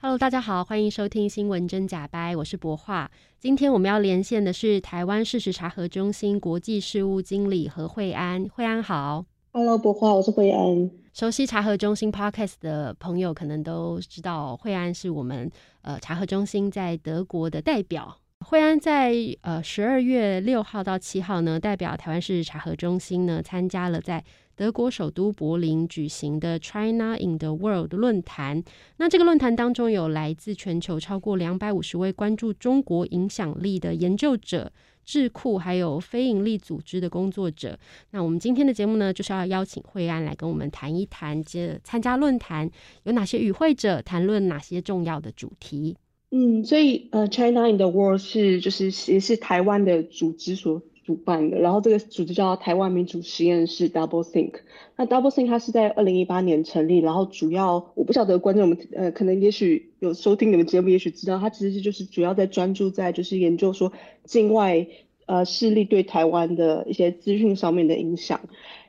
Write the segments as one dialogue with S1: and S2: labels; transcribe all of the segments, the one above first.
S1: hello 大家好，歡迎收聽新聞真假掰，我是柏樺。今天我們要連線的是台灣事實查核中心國際事務經理何蕙安。蕙安好
S2: ，hello 柏樺，我是蕙安。
S1: 熟悉查核中心 Podcast 的朋友可能都知道，蕙安是我們呃查核中心在德國的代表。蕙安在呃十二月六號到七號呢，代表台灣事實查核中心呢，參加了在，德國首都柏林舉行的 China in the World 論壇，那這個論壇當中有來自全球超過兩百五十位關注中國影響力的研究者、智庫，還有非營利組織的工作者。那我們今天的節目呢，就是要邀請蕙安來跟我們談一談接著參加論壇有哪些與會者，談論哪些重要的主題。
S2: 嗯，所以呃，China in the World 是就是也是台灣的組織所主辦的，然後這個組織叫台灣民主實驗室 DoubleThink。那 DoubleThink 它是在二零一八年成立，然後主要我不曉得觀眾們呃可能也許有收聽你們節目，也許知道它其實就是主要在專注在就是研究說境外呃勢力對台灣的一些資訊上面的影響，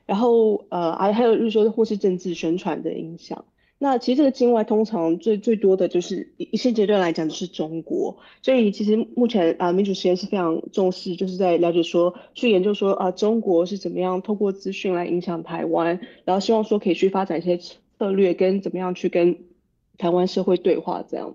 S2: 然後呃還還有就是說或是政治宣傳的影響。那其實這個境外通常最最多的就是以現階段來講就是中國，所以其實目前啊民主實驗室非常重視，就是在了解說去研究說啊中國是怎麼樣通過資訊來影響台灣，然後希望說可以去發展一些策略跟怎麼樣去跟台灣社會對話這樣。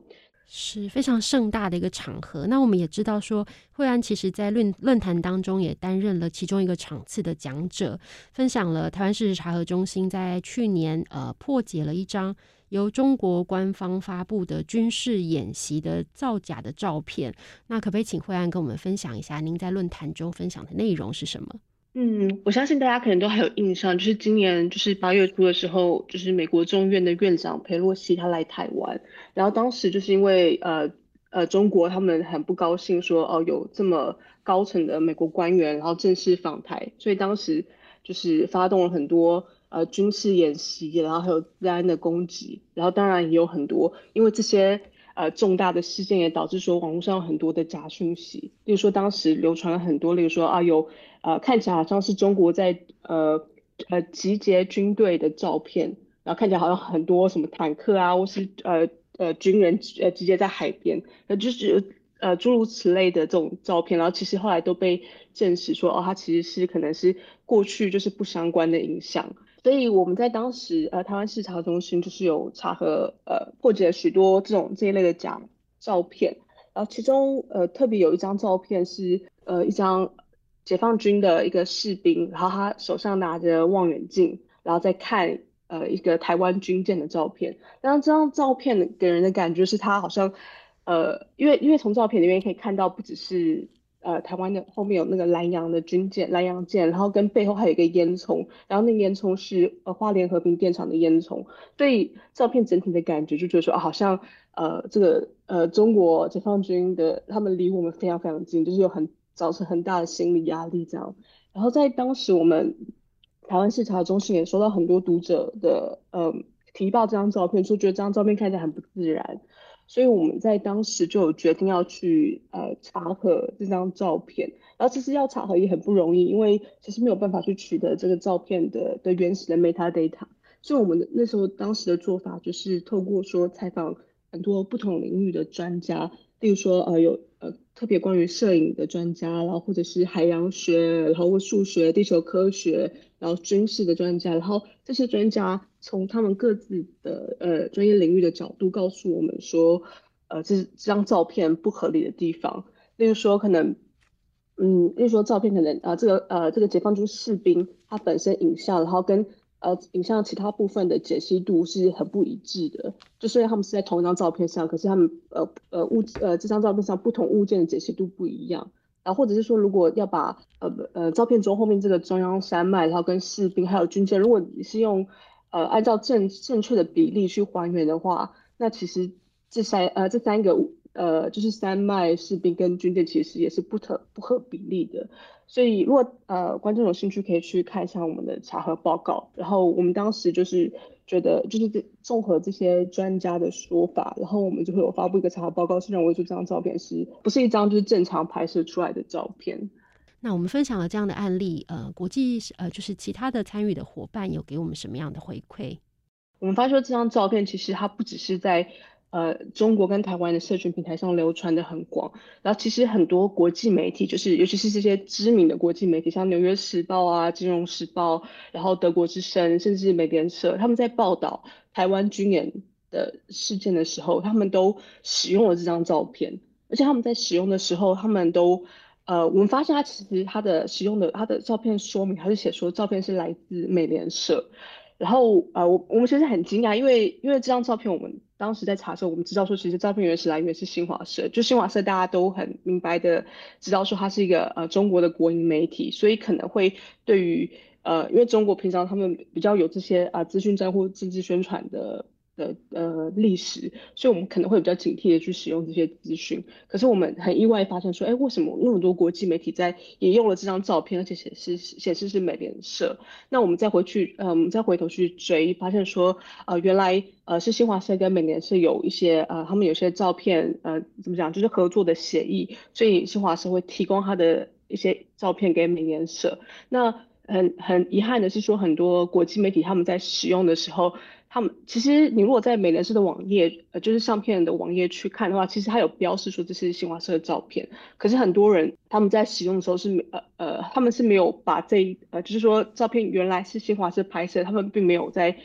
S2: 是
S1: 非常盛大的一個場合。那我們也知道，說蕙安其實在論論壇當中也擔任了其中一個場次的講者，分享了台灣事實查核中心在去年呃破解了一張由中國官方發布的軍事演習的造假的照片。那可不可以請蕙安跟我們分享一下，您在論壇中分享的
S2: 內容是什麼？嗯，我相信大家可能都還有印象，就是今年就是八月初的時候，就是美國眾院的院長裴洛西他來台灣，然後當時就是因為呃呃中國他們很不高興說哦，有這麼高層的美國官員然後正式訪台，所以當時就是發動了很多呃軍事演習，然後還有治安的攻擊，然後當然也有很多因為這些。呃，重大的事件也導致說，網絡上有很多的假訊息。例如說，當時流傳了很多，例如說啊，有呃，看起來好像是中國在呃呃集結軍隊的照片，然後看起來好像很多什麼坦克啊，或是呃呃軍人集呃集結在海邊，那就是呃諸如此類的這種照片。然後其實後來都被證實說，哦，它其實是可能是過去就是不相關的影像。所以我們在當時，呃，台灣事實查核中心就是有查核呃破解許多這種這一類的假照片，然後其中呃特別有一張照片是呃一張解放軍的一個士兵，然後他手上拿着望遠鏡，然後在看呃一個台灣軍艦的照片。那這張照片給人的感覺是他好像，呃，因為因為從照片裡面可以看到不只是。呃，台灣的後面有那個蘭陽的軍艦，蘭陽艦，然後跟背後還有一個煙囪，然後那煙囪是呃花蓮和平電廠的煙囪。對照片整體的感覺，就覺得說，啊、好像呃這個呃中國解放軍的他們離我們非常非常近，就是有很造成很大的心理壓力這樣。然後在當時我們台灣視察中心也收到很多讀者的呃提報這張照片，說覺得這張照片看起來很不自然。所以我們在當時就決定要去呃查核這張照片，然後其實要查核也很不容易，因為其實沒有辦法去取得這個照片的的原始的 metadata。所以我們的那時候當時的做法就是透過說採訪很多不同領域的專家，例如說呃有。呃，特別關於攝影的專家，然後或者是海洋學，然後或數學、地球科學，然後軍事的專家，然後這些專家從他們各自的呃專業領域的角度告訴我們說，呃，這是這張照片不合理的地方，例如說可能，嗯，例如說照片可能啊，呃，這個呃這個解放軍士兵他本身影像，然後跟，呃，影像其他部分的解析度是很不一致的，就雖然他們是在同一張照片上，可是他們呃呃物呃這張照片上不同物件的解析度不一樣。啊，或者是說，如果要把呃呃照片中後面這個中央山脈，然後跟士兵還有軍艦，如果你是用呃按照正正確的比例去還原的話，那其實這三呃這三個物。呃，就是山脈、士兵跟軍艦，其實也是不特不合比例的，所以如果呃觀眾有興趣，可以去看一下我們的查核報告。然後我們當時就是覺得，就是綜合這些專家的說法，然後我們就會有發佈一個查核報告，是認為說這張照片是不是一張就是正常拍攝出來的照片。
S1: 那我們分享了這樣的案例，呃，國際呃就是其他的參與的夥伴有給我們什麼樣的回饋？
S2: 我們發現這張照片其實它不只是在。呃，中國跟台灣的社群平台上流傳得很廣，然後其實很多國際媒體，就是尤其是這些知名的國際媒體，像《紐約時報》啊，《金融時報》，然後德國之聲，甚至美聯社，他們在報道台灣軍演的事件的時候，他們都使用了這張照片，而且他們在使用的時候，他們都呃，我們發現他其實他的使用的他的照片說明，他是寫說照片是來自美聯社，然後呃，我我們其實很驚訝，因為因為這張照片我們。當時在查的時候，我們知道說，其實照片原始來源是新華社，就新華社大家都很明白的知道說，它是一個呃中國的國營媒體，所以可能會對於呃，因為中國平常他們比較有這些啊資訊戰或政治宣傳的。呃歷史，所以我們可能會比較警惕的去使用這些資訊。可是我們很意外發現說，哎，為什麼那麼多國際媒體在引用了這張照片，而且顯示顯示是美聯社？那我們再回去，嗯、呃，我們再回頭去追，發現說，呃，原來呃是新華社跟美聯社有一些呃，他們有些照片，呃，怎麼講，就是合作的協議，所以新華社會提供他的一些照片給美聯社。那很很遺憾的是說，很多國際媒體他們在使用的時候。他們其實，你如果在美聯社的網頁，呃，就是相片的網頁去看的話，其實它有標示說這是新華社的照片。可是很多人他們在使用的時候是沒呃呃，他們是沒有把這一呃，就是說照片原來是新華社拍攝，他們並沒有在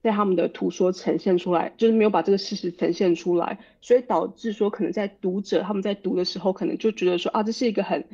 S2: 在他們的圖說呈現出來，就是沒有把這個事實呈現出來，所以導致說可能在讀者他們在讀的時候，可能就覺得說啊，這是一個很，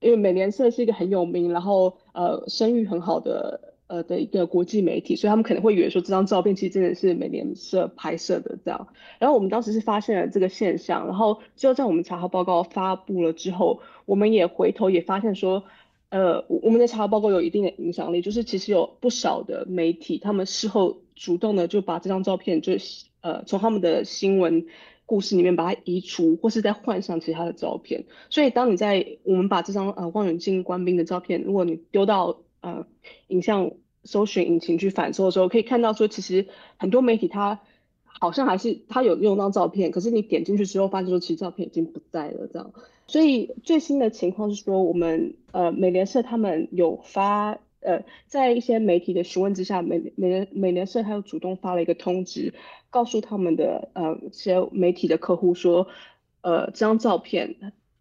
S2: 因為美聯社是一個很有名，然後呃聲譽很好的。呃的一個國際媒體，所以他們可能會以為說這張照片其實真的是美聯社拍攝的這樣。然後我們當時是發現了這個現象，然後就在我們查核報告發布了之後，我們也回頭也發現說，呃，我們的查核報告有一定的影響力，就是其實有不少的媒體他們事後主動的就把這張照片就呃從他們的新聞故事裡面把它移除，或是再換上其他的照片。所以當你在我們把這張呃望遠鏡官兵的照片，如果你丟到。嗯，影像搜尋引擎去反搜的時候，可以看到說，其實很多媒體他好像還是他有用到照片，可是你點進去之後，發現說其實照片已經不在了這樣。所以最新的情況是說，我們呃美聯社他們有發呃，在一些媒體的詢問之下，美美聯美聯社還有主動發了一個通知，告訴他們的呃一些媒體的客戶說，呃這張照片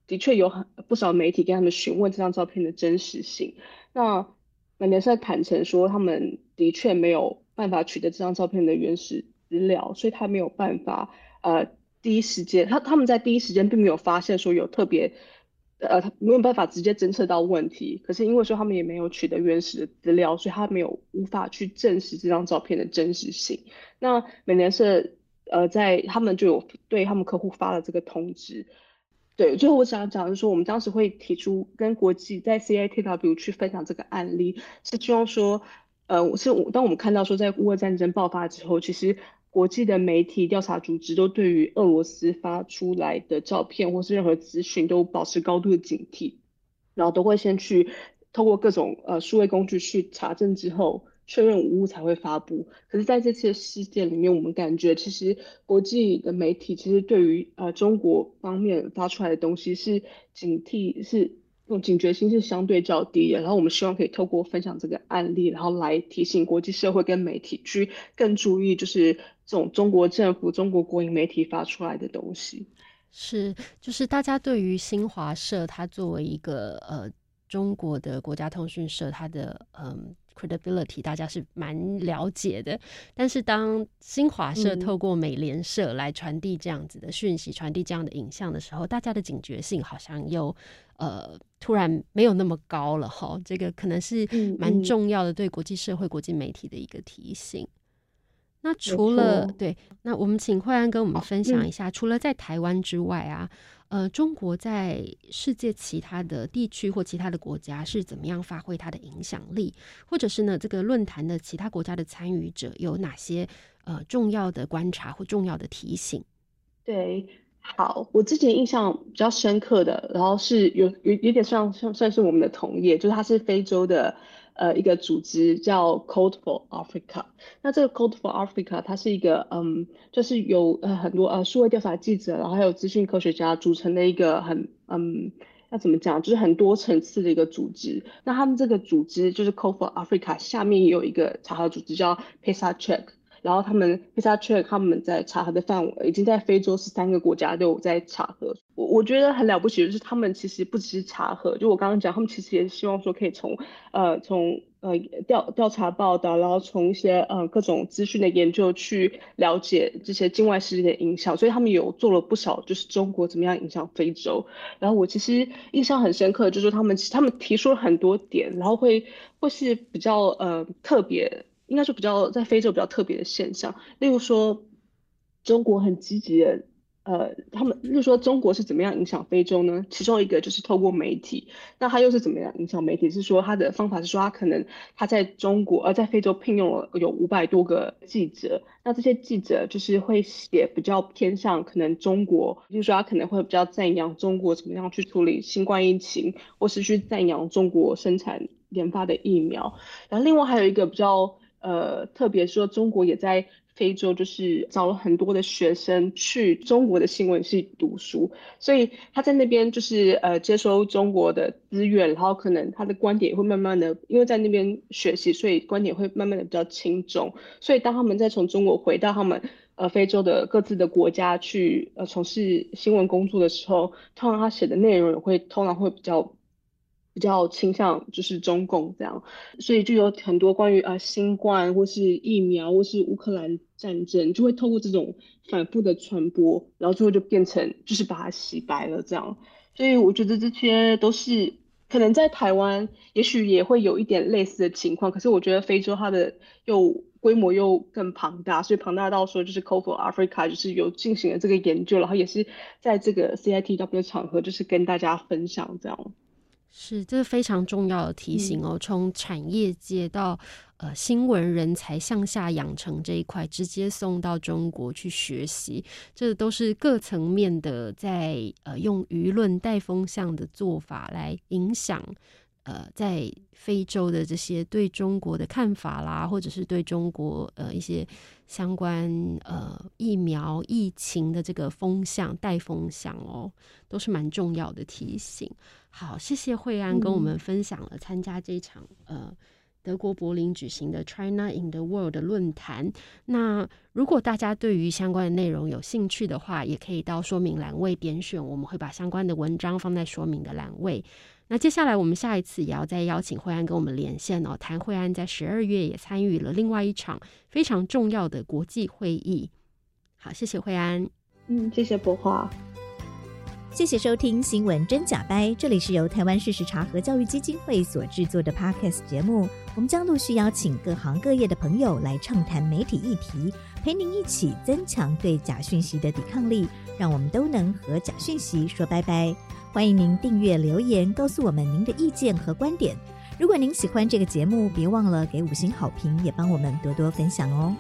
S2: 的確有很不少媒體跟他們詢問這張照片的真實性，那。美聯社坦承說，他們的確沒有辦法取得這張照片的原始資料，所以他沒有辦法，呃，第一時間，他他們在第一時間並沒有發現說有特別，呃，他沒有辦法直接偵測到問題。可是因為說他們也沒有取得原始的資料，所以他沒有無法去證實這張照片的真實性。那美聯社，呃，在他們就有對他們客戶發了這個通知。對，最後我想講的是說，我們當時會提出跟國際在 CITW 去分享這個案例，是希望說，呃，我是當我們看到說在烏克蘭戰爭爆發之後，其實國際的媒體調查組織都對於俄羅斯發出來的照片或是任何資訊都保持高度的警惕，然後都會先去通過各種呃數位工具去查證之後。確認無誤才會發布。可是，在這次的事件裡面，我們感覺其實國際的媒體其實對於呃中國方面發出來的東西是警惕，是用警覺心是相對較低的。然後，我們希望可以透過分享這個案例，然後來提醒國際社會跟媒體去更注意，就是這種中國政府、中國國營媒體發出來的東西。
S1: 是，就是大家對於新華社它作為一個呃中國的國家通訊社，它的嗯。Credibility 大家是蠻了解的，但是當新華社透過美聯社來傳遞這樣子的訊息、嗯、傳遞這樣的影像的時候，大家的警覺性好像又呃突然沒有那麼高了哈。這個可能是蠻重要的對國際社會、嗯、國際媒體的一個提醒。那除了沒錯，對，那我們請蕙安跟我們分享一下，哦嗯、除了在台灣之外啊，呃，中國在世界其他的地區或其他的國家是怎麼樣發揮它的影響力，或者是呢，這個論壇的其他國家的參與者有哪些呃重要的觀察或重要的提醒？
S2: 對，好，我之前印象比較深刻的，然後是有有有點像，像算，算是我們的同業，就是他是非洲的。呃，一個組織叫 Code for Africa。那這個 Code for Africa 它是一個，嗯，就是有呃很多呃數位調查記者，然後還有資訊科學家組成的一個很，嗯，要怎麼講，就是很多層次的一個組織。那他們這個組織就是 Code for Africa 下面也有一個查核組織叫 PesaCheck。然後他們 PesaCheck 他們在查核的範圍已經在非洲十三個國家都有在查核我。我我覺得很了不起的是，他們其實不只是查核，就我剛剛講，他們其實也希望說可以從，呃，從呃調調查報道，然後從一些呃各種資訊的研究去了解這些境外勢力的影響。所以他們有做了不少，就是中國怎麼樣影響非洲。然後我其實印象很深刻，就是他們其實他們提出了很多點，然後會會是比較呃特別。應該是比較在非洲比較特別的現象，例如說，中國很積極的，呃，他們，例如說中國是怎麼樣影響非洲呢？其中一個就是透過媒體，那他又是怎麼樣影響媒體？是說他的方法是說他可能他在中國而，呃，在非洲聘用了有五百多個記者，那這些記者就是會寫比較偏向可能中國，就是說他可能會比較讚揚中國怎麼樣去處理新冠疫情，或是去讚揚中國生產研發的疫苗，然後另外還有一個比較。呃，特別說中國也在非洲，就是找了很多的學生去中國的新聞系讀書，所以他在那邊就是呃接收中國的資源，然後可能他的觀點會慢慢的，因為在那邊學習，所以觀點會慢慢的比較親中。所以當他們再從中國回到他們呃非洲的各自的國家去呃從事新聞工作的時候，通常他寫的內容也會通常會比較。比較傾向就是中共這樣，所以就有很多關於啊新冠或是疫苗或是烏克蘭戰爭，就會透過這種反覆的傳播，然後最後就變成就是把它洗白了這樣。所以我覺得這些都是可能在台灣，也許也會有一點類似的情況。可是我覺得非洲它的又規模又更龐大，所以龐大到說就是 Code for Africa 就是有進行了這個研究，然後也是在這個 CITW 的場合就是跟大家分享這樣。
S1: 是，這是非常重要的提醒哦。從產業界到呃新聞人才向下養成這一塊，直接送到中國去學習，這都是各層面的在呃用輿論帶風向的做法來影響。呃，在非洲的這些對中國的看法啦，或者是對中國呃一些相關呃疫苗疫情的這個風向帶風向哦，都是蠻重要的提醒。好，謝謝蕙安跟我們分享了參加這場，嗯、呃德國柏林舉行的 China in the World 的論壇。那如果大家對於相關的內容有興趣的話，也可以到說明欄位點選，我們會把相關的文章放在說明的欄位。那接下來我們下一次也要再邀請蕙安跟我們連線哦，談蕙安在十二月也參與了另外一場非常重要的國際會議。好，謝謝蕙安。嗯，謝謝柏樺。謝謝收聽《新聞真假掰》，這裡是由台灣事實查核教育基金會所製作的 Podcast 節目。我們將陸續邀請各行各業的朋友來暢談媒體議題，陪您一起增強對假訊息的抵抗力，讓我們都能和假訊息說拜拜。歡迎您訂閱留言，告訴我們您的意見和觀點。
S2: 如果您喜歡這個節目，別忘了給五星好評，也幫我們多多分享哦。